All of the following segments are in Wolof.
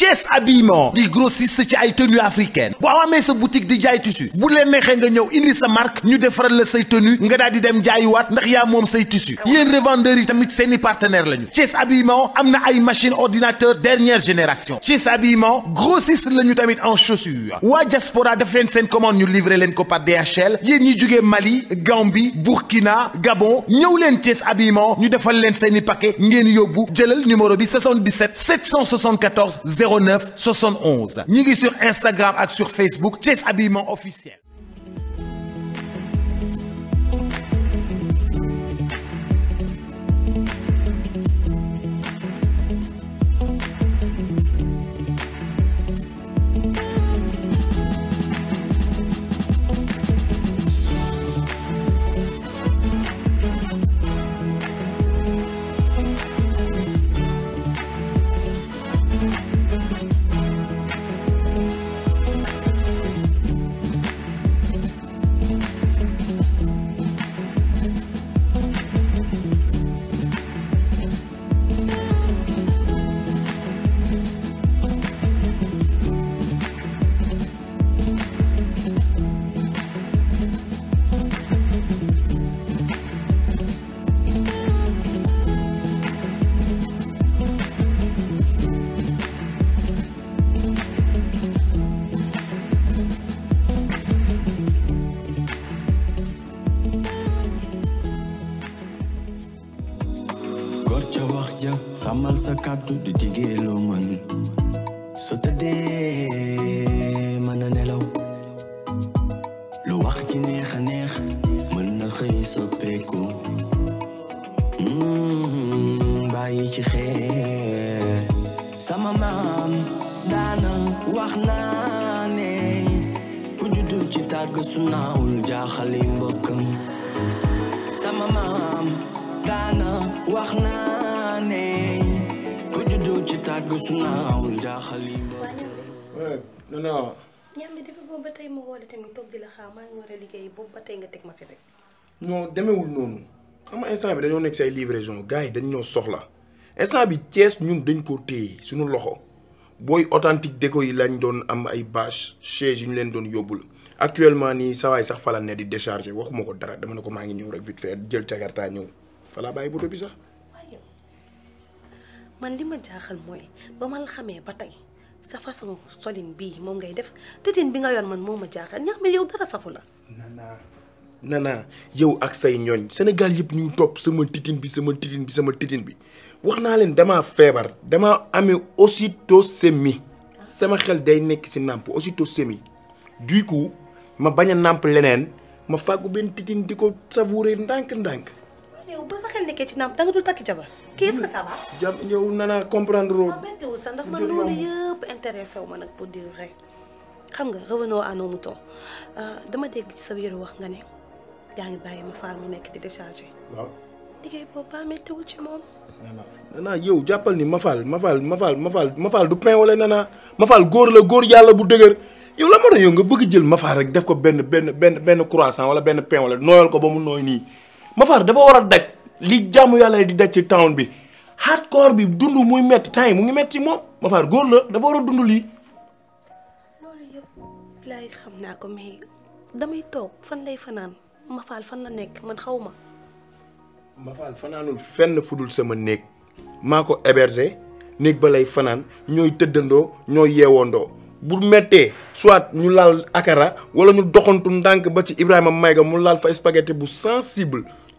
Thiès habillement di grossiste ci ay tenues africaines boo amee sa boutique di jaay tissu bu leen neexee nga ñew indi sa marque ñu défaral la say tenue nga daal di dem wat ndax ya mom say tissu Yeen revendeurs yi tamit seeni partenaires lañu Thiès habillement amna ay machine ordinateur dernière génération Thiès habillement grossiste lañu tamit en chaussures Wa diaspora def leen seen commande ñu livrer len ko par DHL Yeen ñi jógee Mali Gambie Burkina Gabon ñew len Thiès habillement ñu défal len seeni paquet ngeen yobbu jëlal numéro bi 77 774 0971. 71 sur Instagram et sur Facebook chez Habillement officiel up doet de tigelo man. Zo te de mananelo. Lo wacht je nega neg, mena gees op peko. Mmm, baaietje ge. Sama mam, dana, wacht na nee. Hoe je doet je taken zo nauw, ja Sama mam, dana, wacht na xalaat gu su eh, demeewul noonu xam nga instant bi dañoo nekk say livraison gars yi dañ soxla instant bi Thiès ñun dañ koo téye suñu loxo booy authentique déco yi lañ doon am ay bâche chaise yu ñu leen doon yóbbul actuellement nii sawaay sax fala ne di décharger waxuma ko dara dama ne ko maa ngi ñëw rek vite fait jël jakarta ñëw fala bàyyi boto sax man li ma jaaxal mooy ba ma la xamee ba tey sa façon solin bii moom ngay def tëtin bi nga yor man moo ma jaaxal ñax ma yow dara safu la. nana nana yow ak say ñooñ Sénégal yëpp ñu topp sama titin bi sama titin bi sama titin bi wax naa leen damaa feebar damaa amee ocytocémie sama xel day nekk si nàmp aussi semi du coup ma bañ a nàmp leneen ma fàggu benn titin di ko savourer ndànk-ndànk. yow bu sa xel nekkee ci nàmp danga takki jabar kii comprendre loo. bettewu sa ma nag pour dire nga revenons à dama dégg sa biir wax nga ne yaa ngi bàyyi ma ci moom. nana jàppal ni Mafal Mafal Mafal Mafal Mafal du pain wala nana Mafal góor la góor yàlla bu dëgër. yow la moo yow nga bëgg jël Mafal rek def ko benn benn benn benn croissant wala benn pain wala nooyal ko ba mu nooy nii. Mafar dafa war a daj li jàmm yàlla di daj ci town bi hardcore bi dund muy métti temps yi mu ngi metti moom Mafar góor la dafa war a dund lii. loolu yëpp laay xam naa ko mais damay toog fan lay fanaan Mafal fan la nekk man xaw ma. Mafal fanaanul fenn fudul sama néeg maa ko héberger néeg ba lay fanaan ñooy tëddandoo ñooy yeewoondoo. bu mettee soit ñu laal akara wala ñu doxantu ndànk ba ci Ibrahima Mayga mu laal fa spaghetti bu sensible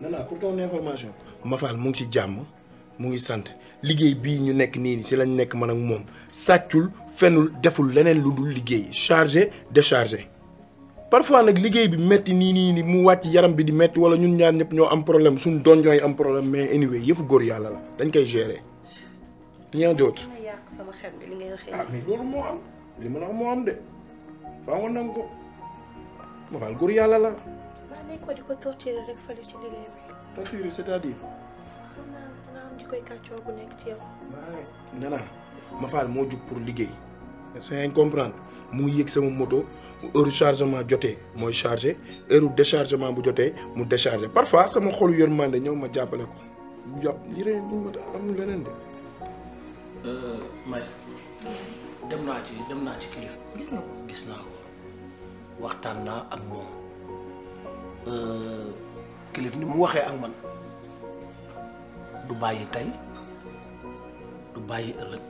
nana pour ton information Mafal mu ngi ci vous ngi vous ñu si lañ man ak avez fenul deful leneen parfois Vous avez bi metti Vous ni mu wacc yaram bi di metti wala ñun ñaar am problème suñ avez problème mais anyway yef Vous yalla la dañ koy gérer rien d'autre ah, mais de Vous nga xanaa ma faal moo jug pour liggéey. c'est comprendre mu yéeg sama moto heure chargement jotee mooy chargé heure déchargement bu jote mu déchargé parfois sama xolu yërmande ñëw ma jàppale ko. yàpp lii rek moom amul leneen de. Euh, May dem naa ci dem gis na ko gis naa ko waxtaan naa ak moom. Euh, kilif ni mu waxee ak man du bàyyi tey du bàyyi ëllëg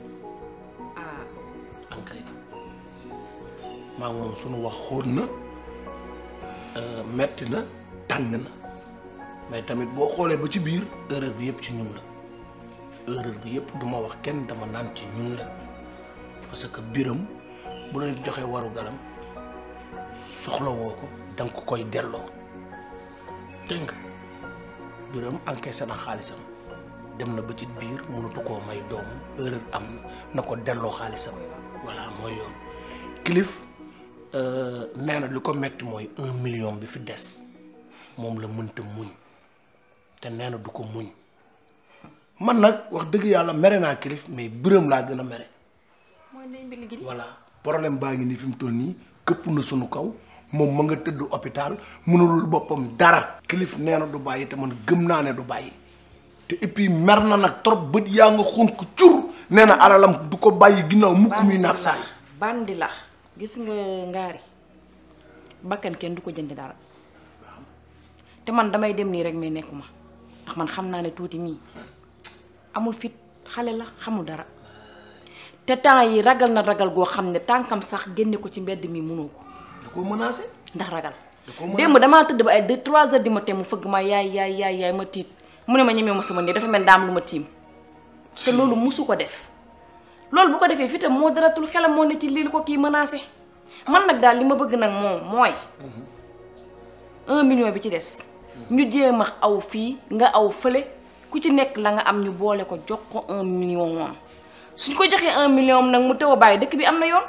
ankay ah. maa ngi moom wax xóot na euh, metti na tàng na mais tamit boo xoolee ba ci biir erreur bi yëpp ci ñun la erreur bi yëpp duma wax kenn dama naan ci ñun la parce que biram bu la joxee waru galam soxlawoo ko danga koy delloo dégg nga biram encaissé na xaalisam dem na ba ci biir mënatu koo may doom erreur am na ko delloo xaalisam voilà mooy yoon kilif euh, nee na li ko metti mooy un million bi fi des moom la mënta muñ te nee na du ko muñ man nag wax dëgg yàlla mere naa kilif mais biram laa gën a mere. mooy voilà baa ngi nii fi mu nii këpp na sunu kaw. mom ma nga tëdd hôpital mënul bopam dara kilif teman du bàyyi te man gëm na ne du bàyyi te et mer na nag trop bët yaa nga xonk cur nee alalam du ko bàyyi ginnaw mukk mi nak sa bandi la gis nga ngari bakkan ken du ko jënd dara te man damay dem ni rek may nekkuma ndax man xamna ne amul fit xalé la xamul dara te temps yi ragal na ragal go xam tankam sax génne ko ci mbéd mi mënoko koo menacé. ndax ragal démb damaa tëdd ba ay deux trois heures du mu fëgg ma yaay yaay yaay yaay ma tiit mu ne ma ñemee ma sama néeg dafa mel daam lu ma tiim te loolu musu ko def loolu bu ko defee fii tam moo daratul xelam moo ne ci lii ko kii menacé man nag daal li ma bëgg nag moom mooy mhm. un million bi ci des mhm. ñu jéem a aw fii nga aw fële ku ci nekk la nga am ñu boole ko jox ko un million moom suñ ko joxee un million nag mu taw a bàyyi dëkk bi am na yoon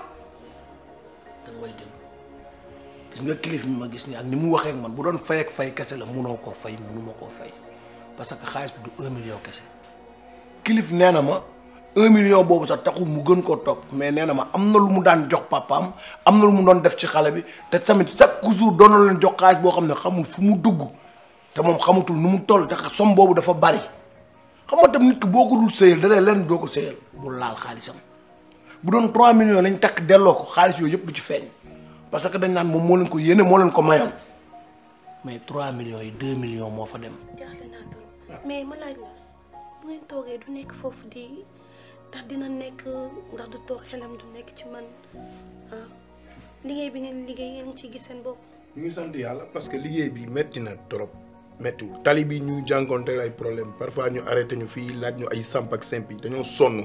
gis nga kilif mi ma gis ni ak ni mu waxe ak man bu doon fay ak fay kese la munoo koo fay munuma koo fay parce que xaalis bi du 1 million kese kilif nee ma 1 million bobu sax taxu mu gën ko top mais nee ma amna lu mu daan jox papam amna lu mu doon def ci xalé bi te tamit chaque jour doon na leen jox xaalis bo xamne xamul fu mu dugg te mom xamatul nu mu toll te som bobu dafa bari xam nga tam nit ki boko dul seyel da leen doo ko seyel bu laal xaalisam bu doon 3 millions lañ tak delo ko xaalis yoyep du ci feeñ parce que dañ nan mom mo leen ko yene mo leen ko mayal mais 3 millions et 2 millions mo fa dem. jaaxle naa mais ma laaj la bu ngeen toogee du nek fofu di ndax dina nek ndax du tok xelam du nek ci man ah liggéey bi ngeen liggéey ngeen ci gis sen bop ñu ngi sant yalla parce que liggéey bi metti na trop méttiwul tali bi ñu jangonté lay problème parfois ñu arrêté ñu fi laaj ñu ay samp ak simp dañu sonu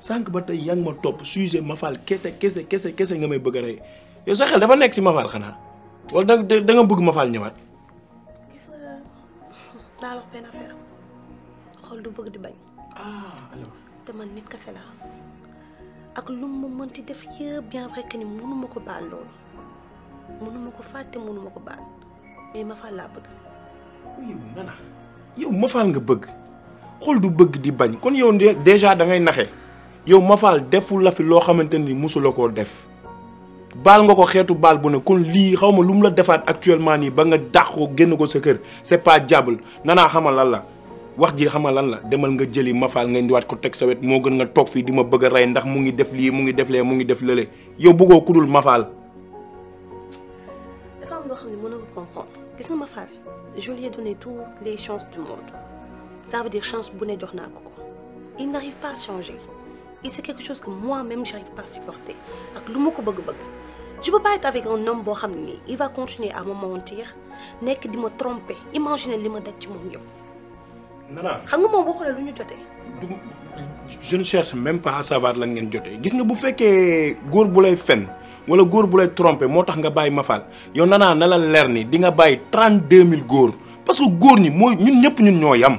sank ba tay yang ma top sujet Mafal kese kese kese kese nga may bëgg a yo sa xel dafa ci si Mafal xana wal da da nga bëgg fal ñëwaat. gis nga naa la wax affaire xol du bëgg di bañ. ah alors. te man nit kese laa ak lu ma mënti def yeb bien vrai que ni mënu mako ko baal mënu mako faté mënu mako baal mais Mafal la bëgg. yow nana yow Mafal nga bëgg xol du bëgg di bañ kon yow déjà da ngay naxé yow Mafal deful la fi lo xamanteni ni mosuloo def bal nga ko xeetu bal bu ne kon lii xaw ma la defat actuellement ni ba nga dàq genn ko sa kër c'est pas diable nana xamal lan la wax ji xamal lan la demal nga jëli Mafal nga indiwaat ko tek sa wet moo gën nga tok fi dima bëgg ray ndax mu ngi def li mu ngi def lee mu ngi def lële yow bëggoo ku dul Mafal. dafa am loo xam ne na ko comprendre gis nga Mafal je lui ai donné toutes les chances du monde ça veut dire chance bu ne jox naa ko il n'arrive pas à changer. Et c'est quelque chose que moi-même, j'arrive pas à supporter. je ne peux pas être avec un homme qui il va continuer à me mentir, nek di me tromper. Imaginez le que je suis Nana. Tu sais ce Je ne cherche même pas à savoir ce que je Gis nga si tu as un homme fen wala góor bu lay trompé moo ma nga bàyyi Mafal yow nanaa la leer ni di 32 000 gour. parce que góor ni mooy ñun ñëpp ñun ñoo yam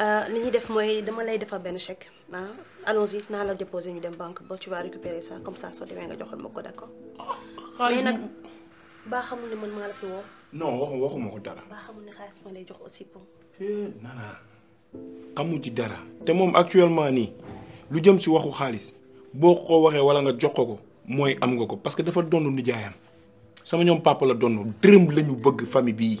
Euh, li ñuy def mooy dama lay defar benn chèque ah allons-y naa la déposer ñu dem banque ba tu vas récupérer ça comme ça soo demee nga joxal ma d'accord. Mais nag baa xamul ne man maa fi woo. non waxu waxuma ko dara. baa xamul ne xaalis ma lay jox aussi pour. Eh, nana xamu ci dara te moom actuellement ni lu jëm si waxu xaalis boo ko waxee wala nga jox ko ko am nga ko parce que dafa doon nijaayam sama ñoom papa la doon dërëm la ñu bëgg famille bii.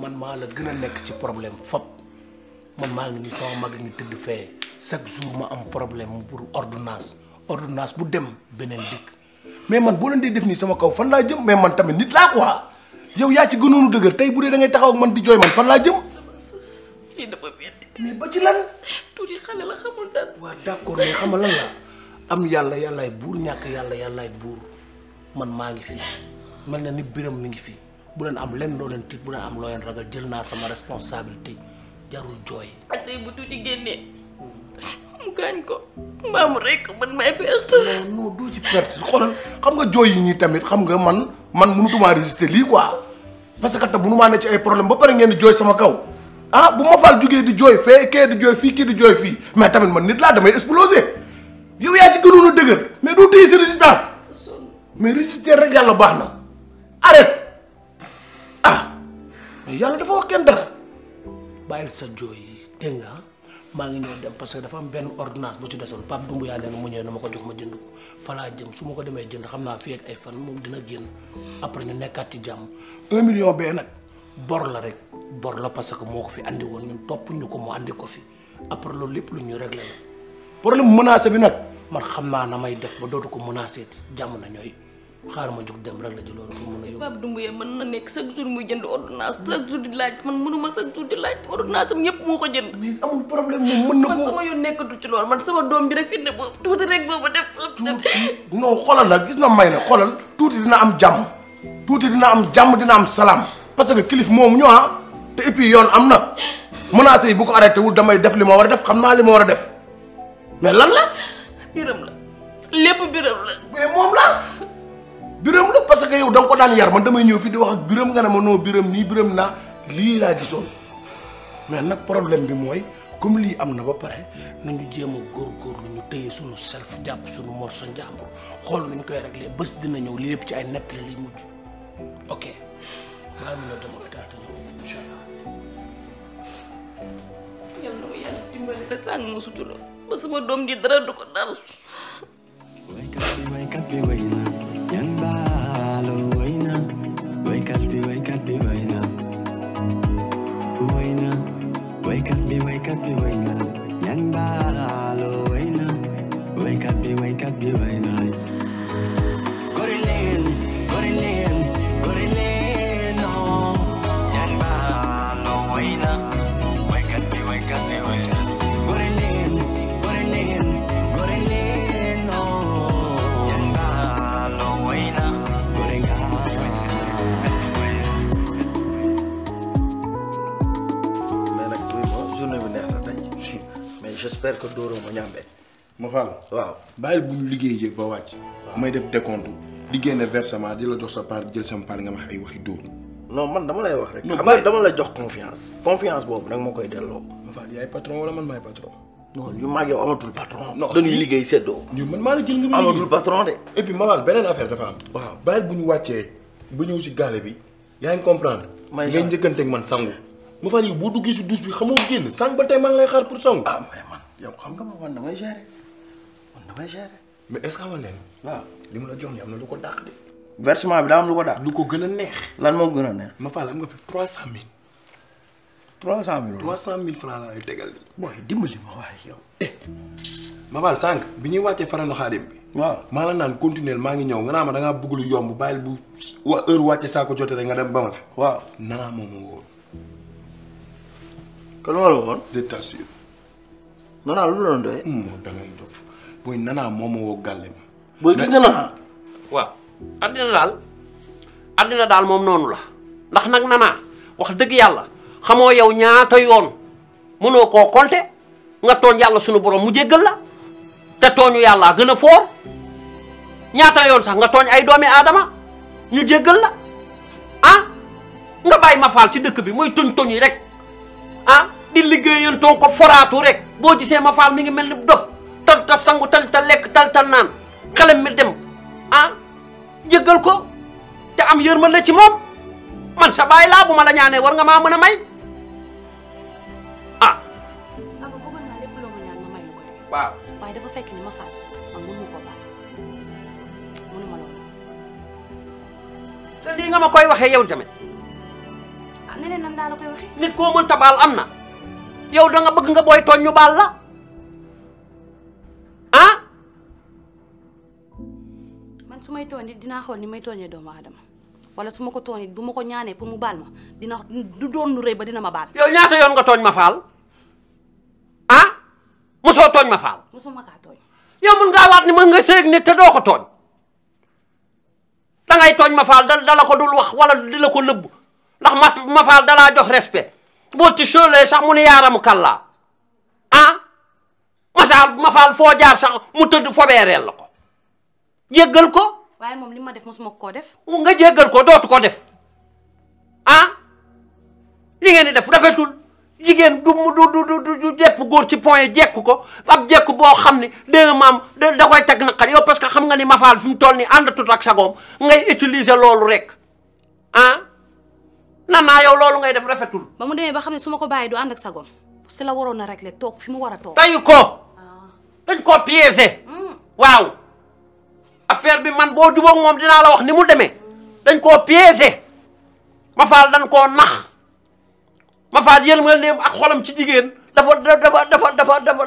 man ma la gëna nek ci problème fop man ma ngi sama mag ni tëdd fee chaque jour ma am problème pour ordonnance ordonnance bu dem benen dik mais man bo len di def ni sama kaw fan la jëm mais man tamit nit la quoi yow ya ci gënoonu dëgër tey bu dee da ngay taxaw ak man di joy man fan la jëm. lii dafa metti. mais ba ci lan. tuuti xalé la xamul dara. wa d'accord mais xamal lan la am ay yàllaay ñak yalla yalla ay buur man ma ngi fi mel na ni biram mi ngi fi bu leen am len do len tit bu leen am loo ragal jël na sama responsabilité jarul joy. ak tey bu tuuti génnee. mu gañ ko mam rek man may perte. non non doo ci perte xolal xam nga joy yi ni tamit xam nga man man tuma résister li quoi parce que ta bu nu ma né ci ay eh, problème ba paré ngén joy sama kaw ah bu ma fal jugee di joy fé ké di joy fi ki di joy fi mais tamit man nit la damay exploser yow ya ci gënoon a dëgër mais do téye résistance mais résister rek yalla baxna arrête ah yalla dafa wax kenn dara bàyyil sa joy dégg nga maa ngi ñu dem parce que dafa am ben ordonnance bu ci desone pap dumbu nee na mu ñëwee na mako jox ma jënd ko fa laa jëm su ma ko demee jënd xamna fi ak ay fan moom dina génn après ñu nekkat ci jàmm 1 million bee nak bor la rek bor la parce que moko fi andi won ñun top ñu ko mo andi ko fi après lool lepp lu ñu régler problème menacé bi nak man xamna naa na may def ba dootu ko menacé jàmm na ñoy xaar ma jug dem rek la ci loolu pour mun a yóbbu. Pape Doumbouya mën na nekk chaque jour muy jënd ordonnance chaque jour di laaj man mënuma chaque jour di laaj ordonnance am ñëpp moo ko jënd. mais amul problème moom mën na ko man sama yoon nekkatu ci loolu man sama doom bi rek fi ne boobu tuuti rek boobu def. tuuti non xoolal la gis na may na xolal tuuti dina am jàmm tuuti dina am jàmm dina am salaam parce que kilif moom ñu ah te et puis yoon am na menaces yi bu ko arrêté wul damay def li ma war a def xam naa li ma war a def mais lan la. biram la lépp biram la. mais moom la biram la parce que yow dang ko dan yar man damay ñew fi di wax ak biram nga na mo no biram ni biram na li la gisoon mais nak problème bi moy comme lii am na ba pare nañu gor a góorgóorlu ñu teyé suñu self japp suñu morso njàmbur xol nañ koy réglé bëss dina ñew li yëpp ci ay nett la lay mujj ok maa ngi la dem hôpital te ñëw incha allah. yal na ma yàlla dimbali la sàng ma sutura ba sama doom ji dara du ko dal. waykat bi waykat bi way na up, you wake up. Nyan up. Wake up, you wake up, you ain't up. j'espère que dóoroo ma ñàmbe ma fal waaw bàyyil bu ñu liggéey yëpp ba wacc. may def décompte liggéey na versement di la jox sa part jël sama part nga ma ay waxi Doro. non man dama lay wax rek xam nga dama la jox confiance confiance bobu nak moo koy delloo ma fal yaay patron wala man may patron non yu mag yow amatul patron dañuy liggéey seddoo ñu man maa la jël nga amatul patron dé. et puis ma fal beneen affaire dafa am waaw bàyyil buñu waccé, wàccee ba ñëw si bi yaa ngi comprendre ngay ñëkënté ak man sangu ma fal yi boo duggee si douche bi xamoo génn sang ba tay man lay xaar pour sangu ah, yow xam nga ma man damay gérer man damay gérer. mais est ce que xamal leen. waaw li mu la jox nii am na lu ko dàq de. versement bi daa am lu ko dàq. lu ko gën a neex. lan moo gën a neex. ma faal am nga fi trois cent mille. trois lay tegal di. booy dimbali ma waaye yow. eh ma faal sànq bi ñuy wàccee farandu xaadim bi. waaw maa la naan continuel maa ngi ñëw nga naa ma da ngaa bëgg lu yomb bàyyil bu wa heure wàcce saa ko jotee rek nga dem ba ma fi. waaw nanaa moom moo woon. kon loolu woon. c'est assuré. nanaa lu doon doyee. Hmm, moo da ngay dof moom woo gàlle ma. booy gis nga addina daal moom noonu la ndax nag nanaa wax dëgg yàlla xamoo yow ñaata yoon mënoo koo compter nga tooñ yàlla sunu borom mu jéggal la te tooñu yàlla gën a foor ñaata yoon sax nga tooñ ay doomi aadama ñu jéggal la ah nga bàyyi ma faal ci dëkk bi muy tuñ tuñ rek ah di liggéeyantoo ko foraatu rek. bo gisee ma fal mi ngi melni dof tal ta sangu tal ta lek tal ta nan xelam mi dem ah jéggal ko te am la ci mom man sa bay la buma la ñane war nga ma mën a may ah. waaw. waaye dafa fekk ni ma faal man mënu ko baal mënu ma loolu. te li nga ma koy waxe yow tamit. ah nene nan daa la koy waxe nit ko mën baal am na. yow da nga bëgg nga booy tooñ ñu baal la ah. man su may tooñ it dinaa xool ni may tooñee doomu aadama wala suma ko tooñ it bu ma ko ñaanee pour mu baal ma dina du doon nu rëy ba dina ma baal. yow ñaata yoon nga tooñ ma faal ah mosoo tooñ ma faal. mosuma kaa tooñ. yow mun ngaa waat ni mën nga seeg nit te doo ko tooñ da ngay tooñ ma faal da ko dul wax wala di ko lëbb ndax ma ma faal dalaa jox respect. bocci sole sax mu ne yaaramu kallaa ah masaal ma faal foo jaar sax mu tëdd fobeereel la ko jéggal ko waaye moom li ma def mosuma koo def nga jéggal ko dootu ko def ah li ngeen di def rafetul jigéen du du du du jepp góor ci point yi jekk ko ab jekk boo xam ne dégg maam da koy teg naqar yow parce que xam nga ni mafaal fi mu toll nii àndatut ak sagoom nga utiliser loolu rek ah nana yow lolou ngay def rafetul. ba mu demee ba xamné ne su ma ko bàyyi du ànd ak sagom c'est la warona régler tok fi mu wara tok toog. tayu ko ah. dañ koo piégé. Hmm. waw affaire bi man boo jubóog mom dina la wax ni mu demé dañ ko piégé ma faal dañ ko nax ma faal leem ak xolam ci jigen dafa dafa dafa dafa dafa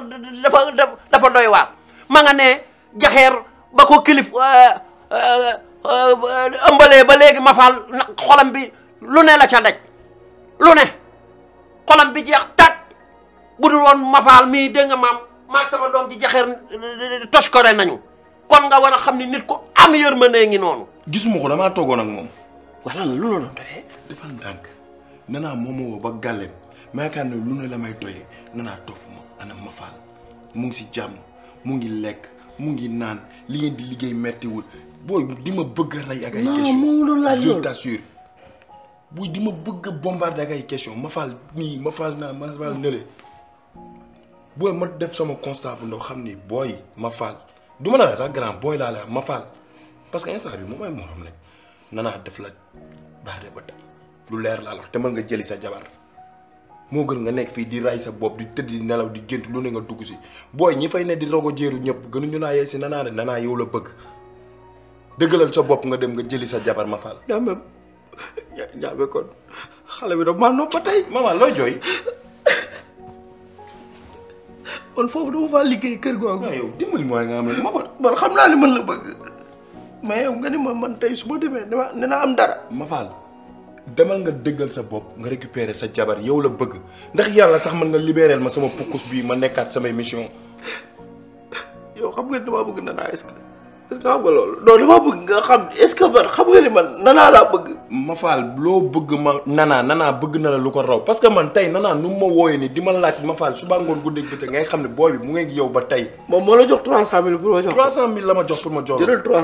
dafa dafa doy waar ma nga ne jaxeer ba ko kilif ambalé euh, euh, euh, ba légui ma faal xolam bi. lu ne la ca daj lu ne xolam bi jeex tàkk bu dul woon mafaal mii dégg maam maag sama doom ci jaxeer tos ko nañu kon nga war a xam ni nit ku am yërmande ngi noonu. gisuma ko damaa toogoon ak moom. wala lu la doon doyee. defal ndànk nee naa moomoo ba gàllem ma yaakaar ne lu la may doyee nee naa toog ana mafaal mu ngi si jàmm mu ngi lekk mu ngi naan li ngeen di liggéey mettiwul booy di ma bëgg a rey ak ay question non non je t'assure bu je ma a bombarder ak en question ma fal nii ma fal naa ma fal nële constat ma fal du suis sax grand boy, je la ma fal parce que je bi moom mooy moo xam ne def la baax ba je lu leer je suis te mën nga jëli sa jabar moo Je nga nekk fii di ray sa Tu di tëdd nelaw di Boy, lu ne nga dugg si ñi fay ne de nanaa yow la bëgg ñaabe kon xale bi daf maa nopp ba tey. looy jooy. man foofu dama faa liggéey kër googu. waaw ah, yow dimbali mooy nga xam ne ma fa. man xam naa ni man la bëgg mais yow nga ni ma man tey su ma demee ne dina am dara. ma demal nga dëggal sa bopp nga récupérer sa jabar yow la bëgg ndax yàlla sax man nga libérer ma sama pukkus bii ma nekkaat samay mission. yow xam nga damaa bëgg na naa est est-ce que xam loolu non li ma bëgg nga xam est-ce que man xam nga ni nanaa laa bëgg. ma faal loo bëgg ma nanaa nanaa bëgg na la lu ko raw parce que man tey nanaa nu ma wooyee nii di ma laaj ma faal suba ngoon guddeeg bëccëg ngay xam ne booy bi mu ngi yow ba tey. moom moo la jox trois cent mille pour ma jox. trois cent mille la ma jox pour ma jox. jëlal trois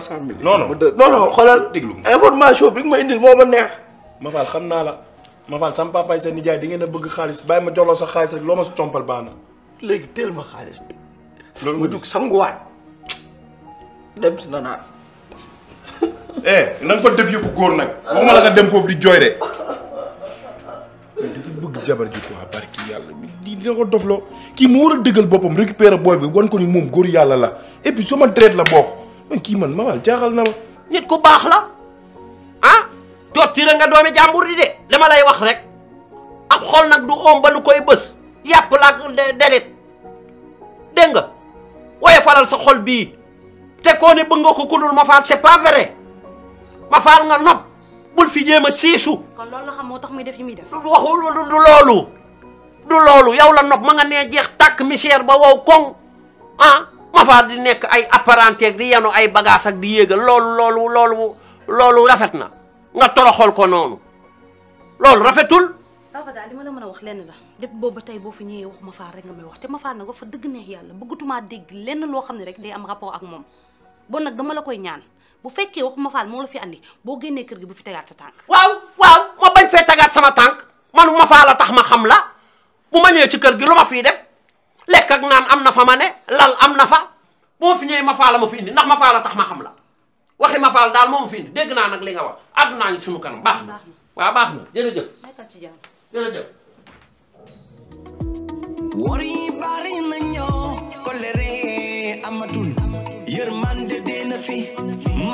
bi ma indil moo ma neex. ma xam naa la ma faal sama papa yi seen nijaay di ngeen a bëgg xaalis bàyyi ma jox la sa xaalis rek loo ma si compal léegi teel ma xaalis bi. loolu nga dugg sanguwaat dem si na naa eh na nga ko def yëpp góor nag waxuma la nga dem foofu di jooy de dafa bëgg jabar ji quoi barki yàlla mi di dina ko dofloo kii mu war bopam dëggal boppam récupérer booy bi wan ko ni moom góor yàlla la et puis sama traite la bokk man kii man mamal jaaxal na nit ku baax la ah torture nga doomi jàmbur di de dama lay wax rek ab xol nag du oom ba lu koy bës yàpp la ak deret nga woye falal sa xol bii té ko né bëgg ko kudul ma faal c'est pas vrai ma faal nga nop bul fi jéem sisu kon loolu la xam moo tax muy def yi def. waxu du loolu du loolu yow la ma nga né jeex tak misère ba waw koŋ ah ma faal di nekk ay apparenté di yano ay bagage ak di yéegal loolu loolu loolu loolu rafetna nga toroxol ko noonu loolu rafetul. papa dal li la mëna wax lenn la lépp boobu tay bo fi wax ma faal rek nga may wax té ma faal nag fa dëgg neex yalla bëggutuma dégg lenn lo xamni rek day am rapport ak mom bon nag dama la koy ñaan bu fekkee wax ma faal moo la fi andi boo génnee kër gi bu fi tegaat sa tànk. waaw waaw ma bañ fee tegaat sama tànk man ma faala tax ma xam la bu ma ñëwee ci kër gi lu ma fiy def lekk ak naan am na fa ma ne lal am na fa boo fi ñëwee ma faala ma fi indi ndax ma faala tax ma xam la waxi ma faal daal moom fi indi dégg naa nag li nga wax àddunaa ngi suñu kanam baax na waaw baax na jërëjëf. jërëjëf.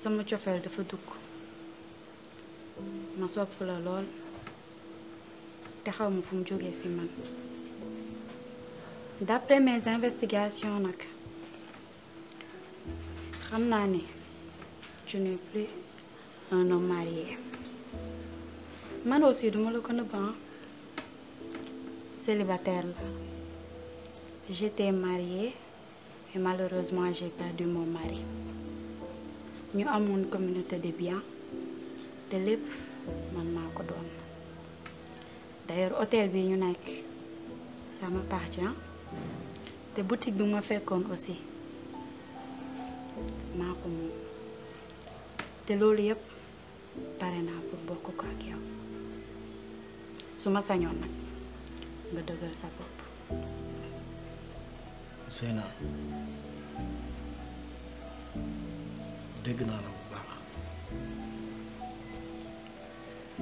Je suis d'après mes investigations nak, sais tu n'es plus un homme marié aussi pas ah. célibataire j'étais mariée et malheureusement j'ai perdu mon mari ñu amoon communauté de biens te lépp man maa ko doon d'ailleurs hôtel bi ñu nekk ça m'appartient te boutique bi ma fekkoon aussi maa ko moom te loolu yëpp pare naa pour bokk ko ak yow su ma sañoon nag nga dëgël sa bopp Seyna dégg naa la bu baax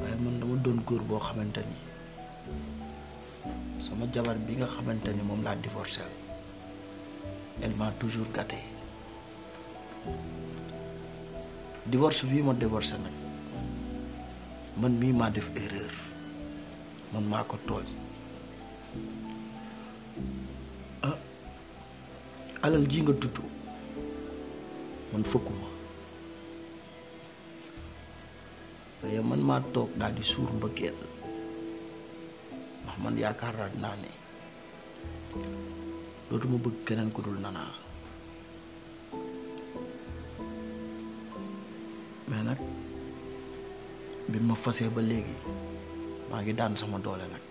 waaye man dama doon góor boo xamante ni sama jabar bi nga xamante ni moom laa divorcé elle m'a toujours gâté divorce bi ma divorcé nag man mii maa def erreur man maa ko tooñ ah alal ji nga tudd man fëkkuma yo man matok, na di suur mbëggeel ndax man yaakaar naa ne dootuma bëgg keneen ku dul nanaa mais nag bi ma fasee ba léegi maa ngi daan sama doole nag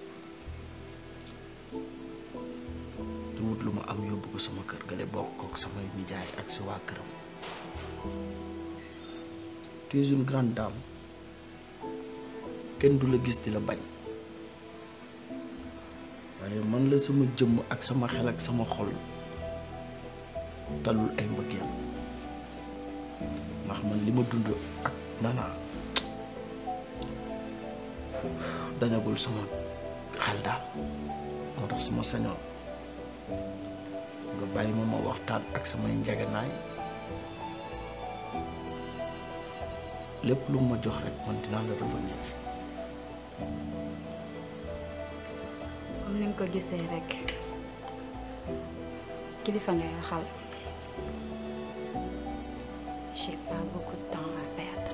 di wut lu am yóbbu ko sama kër gale bokk ak sama nijaay ak si waa këram tu es une grande dame kenn du la gis dila bañ waye man la sama jëm ak sama xel ak sama xol talul ay mbëggeel ndax man lima dund ak nana dañagul sama xel dal moo tax suma sañoon nga bàyyi ma ma waxtaan ak sama njeganaay lepp lu ma jox rek man dina la revenir comme ni nga ko ce rek kilifa ngay waxal j'ai pas beaucoup de temps à perdre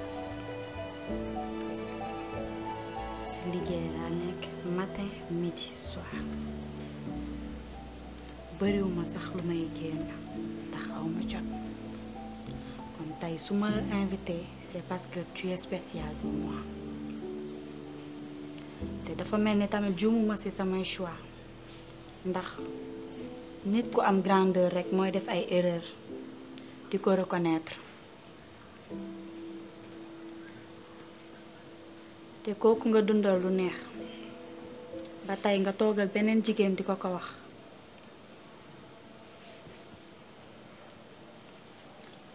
si liggéey laa nekk matin midi soir bëriwuma sax lu may génn ndax aw ma jot kon tey su ma invité c'est parce que tu es spécial pour moi te dafa mel ni tamit juumuma ci samay choix ndax nit ku am grandeur rekk mooy def ay erreur di ko reconnaître te kooku nga dundal lu neex ba tey nga toog ak beneen jigéen di ko ko wax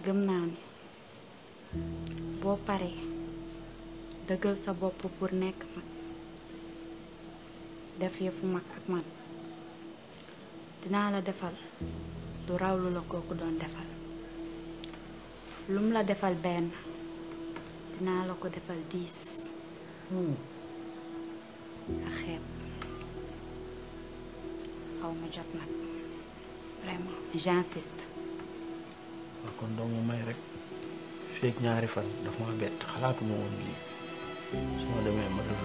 gëm naa ni boo paree dëggal sa bopp pour nekk mag def yëfu mag ak man dinaa la defal lu raw lu la kooku doon defal lum la defal benn dinaa la ko defal diis nga xeeb xaw ma jot nag vraiment j'insiste waaw kon doo ma may rek feek ñaari fan daf ma bett xalaatuma woon lii su ma demee ma def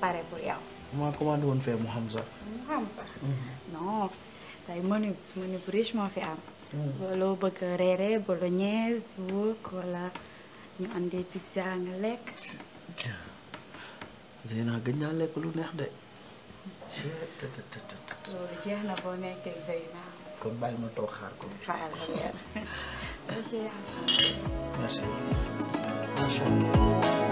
pare pour yow. maa commandé woon fe mu Hamza. mu hmm. non tay menu menu bu riche fi am. lo bëgg bolognaise ñu andé pizza nga lek. zena gëj lek lu neex de. loolu jeex ma xaar ko. xaar ko merci. merci.